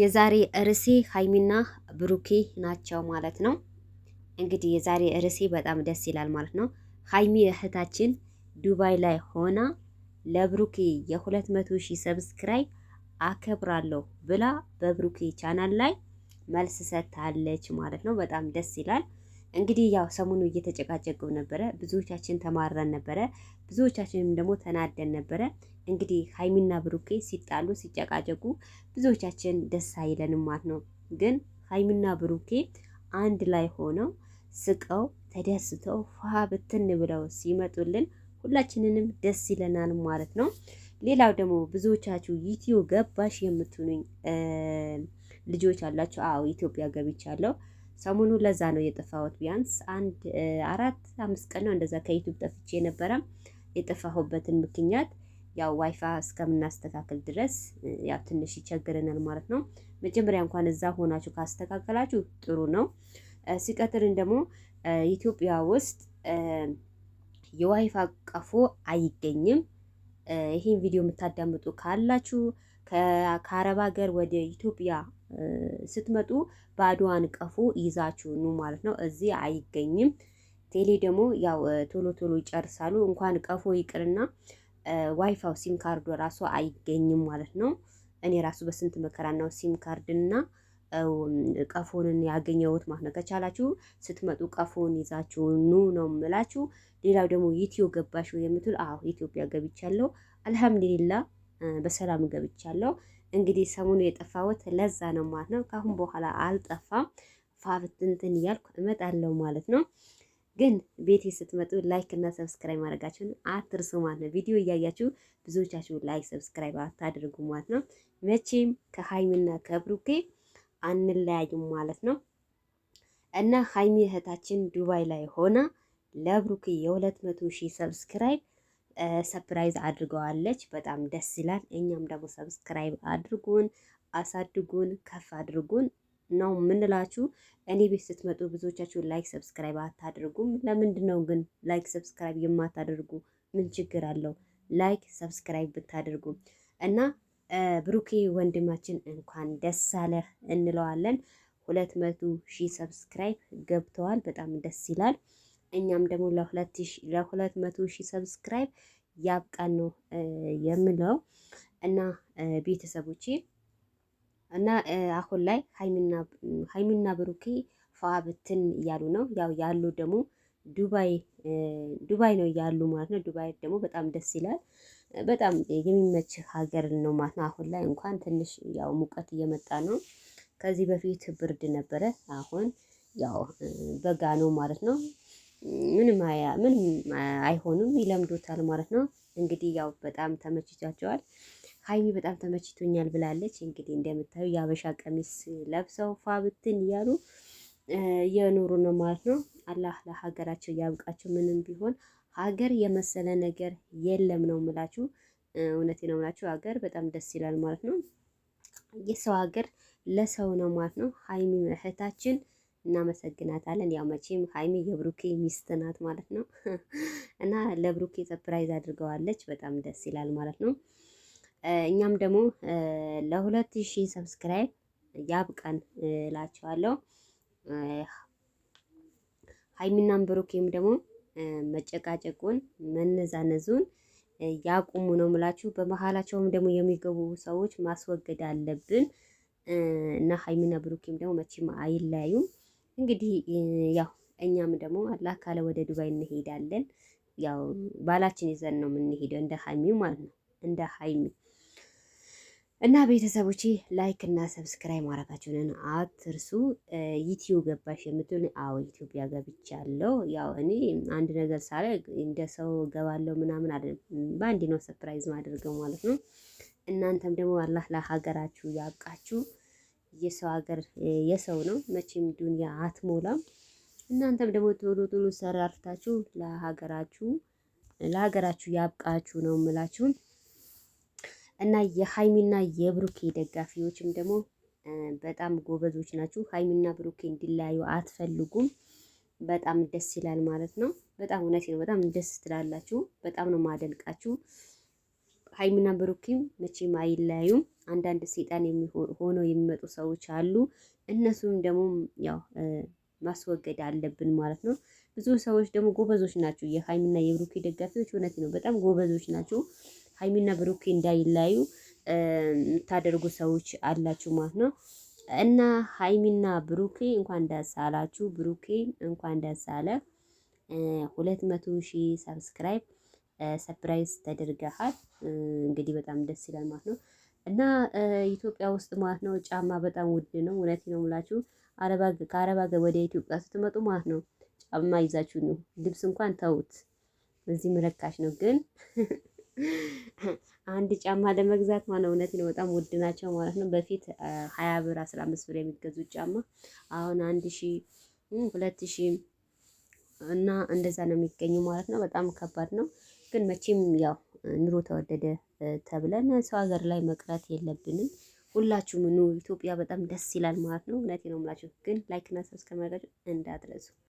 የዛሬ እርሴ ሀይሚና ብሩኬ ናቸው ማለት ነው። እንግዲህ የዛሬ እርሴ በጣም ደስ ይላል ማለት ነው። ሀይሚ እህታችን ዱባይ ላይ ሆና ለብሩኬ የ መቶ ሺህ ሰብስክራይብ አከብራለሁ ብላ በብሩኬ ቻናል ላይ መልስ ሰጥታለች ማለት ነው። በጣም ደስ ይላል። እንግዲህ ያው ሰሞኑ እየተጨቃጨቀው ነበረ። ብዙዎቻችን ተማረን ነበረ፣ ብዙዎቻችንም ደግሞ ተናደን ነበረ። እንግዲህ ሀይሚና ብሩኬ ሲጣሉ ሲጨቃጨቁ ብዙዎቻችን ደስ አይለንም ማለት ነው። ግን ሀይሚና ብሩኬ አንድ ላይ ሆነው ስቀው ተደስተው ፋ ብትን ብለው ሲመጡልን ሁላችንንም ደስ ይለናል ማለት ነው። ሌላው ደግሞ ብዙዎቻችሁ ዩቲዩብ ገባሽ የምትሉኝ ልጆች አላችሁ። አዎ ኢትዮጵያ ገብቻለሁ ሰሞኑ ለዛ ነው የጠፋሁት። ቢያንስ አንድ አራት አምስት ቀን ነው እንደዛ ከዩቱብ ጠፍቼ የነበረ። የጠፋሁበትን ምክንያት ያው ዋይፋ እስከምናስተካከል ድረስ ያው ትንሽ ይቸግረናል ማለት ነው። መጀመሪያ እንኳን እዛ ሆናችሁ ካስተካከላችሁ ጥሩ ነው። ሲቀጥልን ደግሞ ኢትዮጵያ ውስጥ የዋይፋ ቀፎ አይገኝም። ይህን ቪዲዮ የምታዳምጡ ካላችሁ ከአረብ ሀገር ወደ ኢትዮጵያ ስትመጡ ባዶዋን ቀፎ ይዛችሁ ኑ ማለት ነው። እዚህ አይገኝም። ቴሌ ደግሞ ያው ቶሎ ቶሎ ይጨርሳሉ። እንኳን ቀፎ ይቅርና ዋይፋው ሲም ካርዱ ራሱ አይገኝም ማለት ነው። እኔ ራሱ በስንት መከራ ነው ሲም ካርድና ቀፎንን ያገኘሁት ማለት ነው። ከቻላችሁ ስትመጡ ቀፎን ይዛችሁ ኑ ነው የምላችሁ። ሌላው ደግሞ ኢትዮ ገባሽ ወይ የምትል አዎ ኢትዮጵያ ገብቻለሁ አልሐምዱሊላህ። በሰላም ገብቻለሁ። እንግዲህ ሰሞኑ የጠፋሁት ለዛ ነው ማለት ነው። ከአሁን በኋላ አልጠፋም። ፋብትንትን እያልኩ እመጣለሁ ማለት ነው። ግን ቤቴ ስትመጡ ላይክ እና ሰብስክራይብ ማድረጋችሁን አትርሱ ማለት ነው። ቪዲዮ እያያችሁ ብዙዎቻችሁ ላይክ ሰብስክራይብ አታድርጉ ማለት ነው። መቼም ከሀይሚና ከብሩኬ አንለያይም ማለት ነው እና ሀይሚ እህታችን ዱባይ ላይ ሆና ለብሩኬ የሁለት መቶ ሺህ ሰብስክራይብ ሰፕራይዝ አድርገዋለች። በጣም ደስ ይላል። እኛም ደግሞ ሰብስክራይብ አድርጉን፣ አሳድጉን፣ ከፍ አድርጉን ነው የምንላችሁ። እኔ ቤት ስትመጡ ብዙዎቻችሁ ላይክ ሰብስክራይብ አታድርጉም። ለምንድን ነው ግን ላይክ ሰብስክራይብ የማታደርጉ? ምን ችግር አለው? ላይክ ሰብስክራይብ ብታደርጉ እና ብሩኬ ወንድማችን እንኳን ደስ አለህ እንለዋለን። ሁለት መቶ ሺህ ሰብስክራይብ ገብተዋል። በጣም ደስ ይላል። እኛም ደግሞ ለሁለት መቶ ሺህ ሰብስክራይብ ያብቃን ነው የምለው እና ቤተሰቦቼ እና አሁን ላይ ሀይሚና ብሩኬ ፋብትን እያሉ ነው። ያው ያሉ ደግሞ ዱባይ ዱባይ ነው ያሉ ማለት ነው። ዱባይ ደግሞ በጣም ደስ ይላል። በጣም የሚመች ሀገር ነው ማለት ነው። አሁን ላይ እንኳን ትንሽ ያው ሙቀት እየመጣ ነው። ከዚህ በፊት ብርድ ነበረ። አሁን ያው በጋ ነው ማለት ነው። ምንም ምንም አይሆንም ይለምዱታል ማለት ነው። እንግዲህ ያው በጣም ተመችቷቸዋል። ሀይሚ በጣም ተመችቶኛል ብላለች። እንግዲህ እንደምታዩ የአበሻ ቀሚስ ለብሰው ፋብትን እያሉ እየኖሩ ነው ማለት ነው። አላህ ለሀገራቸው ያብቃቸው። ምንም ቢሆን ሀገር የመሰለ ነገር የለም ነው ምላችሁ። እውነቴ ነው ምላችሁ። ሀገር በጣም ደስ ይላል ማለት ነው። የሰው ሀገር ለሰው ነው ማለት ነው። ሀይሚ እህታችን እናመሰግናታለን። ያው መቼም ሀይሚ የብሩኬ ሚስት ናት ማለት ነው እና ለብሩኬ ሰፕራይዝ አድርገዋለች። በጣም ደስ ይላል ማለት ነው። እኛም ደግሞ ለሁለት ሺህ ሰብስክራይብ ያብቃን እላቸዋለሁ። ሀይሚናም ብሩኬም ደግሞ መጨቃጨቁን መነዛነዙን ያቁሙ ነው ምላችሁ። በመሀላቸውም ደግሞ የሚገቡ ሰዎች ማስወገድ አለብን እና ሀይሚና ብሩኬም ደግሞ መቼም አይለያዩም። እንግዲህ ያው እኛም ደግሞ አላህ ካለ ወደ ዱባይ እንሄዳለን። ያው ባላችን ይዘን ነው የምንሄደው፣ እንደ ሀይሚ ማለት ነው እንደ ሀይሚ እና ቤተሰቦቼ ላይክ እና ሰብስክራይብ ማድረጋችሁንን አትርሱ። ዩትዩብ ገባሽ የምትሉ አዎ ኢትዮጵያ ገብቻለሁ። ያው እኔ አንድ ነገር ሳለ እንደ ሰው ገባለው ምናምን አለ በአንድ ነው ሰፕራይዝ ማድረገው ማለት ነው። እናንተም ደግሞ አላህ ለሀገራችሁ ያብቃችሁ። የሰው ሀገር የሰው ነው መቼም ዱንያ አትሞላም። እናንተም ደግሞ ቶሎ ቶሎ ሰራርታችሁ ለሀገራችሁ ለሀገራችሁ ያብቃችሁ ነው ምላችሁ። እና የሀይሚና የብሩኬ ደጋፊዎችም ደግሞ በጣም ጎበዞች ናችሁ። ሀይሚና ብሩኬ እንዲለያዩ አትፈልጉም። በጣም ደስ ይላል ማለት ነው። በጣም እውነት ነው። በጣም ደስ ትላላችሁ። በጣም ነው ማደንቃችሁ። ሀይሚና ብሩኪም መቼም አይለያዩም። አንዳንድ ሴጣን ሆነው የሚመጡ ሰዎች አሉ። እነሱም ደግሞ ያው ማስወገድ አለብን ማለት ነው። ብዙ ሰዎች ደግሞ ጎበዞች ናቸው። የሀይሚና የብሩኪ ደጋፊዎች እውነት ነው፣ በጣም ጎበዞች ናቸው። ሀይሚና ብሩኪ እንዳይለያዩ የምታደርጉ ሰዎች አላችሁ ማለት ነው። እና ሀይሚና ብሩኬ እንኳን ደስ አላችሁ። ብሩኬ እንኳን ደስ አለ። ሁለት መቶ ሺህ ሰብስክራይብ ሰፕራይዝ ተደርገሃል። እንግዲህ በጣም ደስ ይላል ማለት ነው። እና ኢትዮጵያ ውስጥ ማለት ነው ጫማ በጣም ውድ ነው። እውነቴ ነው የምላችሁ ከአረብ ሀገር ወደ ኢትዮጵያ ስትመጡ ማለት ነው ጫማ ይዛችሁ ነው። ልብስ እንኳን ተውት፣ እዚህም ርካሽ ነው። ግን አንድ ጫማ ለመግዛት ማለት ነው እውነቴ ነው በጣም ውድ ናቸው ማለት ነው። በፊት ሀያ ብር አስራ አምስት ብር የሚገዙት ጫማ አሁን አንድ ሺ ሁለት ሺ እና እንደዛ ነው የሚገኙ ማለት ነው። በጣም ከባድ ነው። ግን መቼም ያው ኑሮ ተወደደ ተብለን ሰው ሀገር ላይ መቅረት የለብንም። ሁላችሁም ኑ፣ ኢትዮጵያ በጣም ደስ ይላል ማለት ነው። እውነቴን ነው የምላችሁ። ግን ላይክ እና ሰብስክራይብ ማድረግ እንዳትረሱ።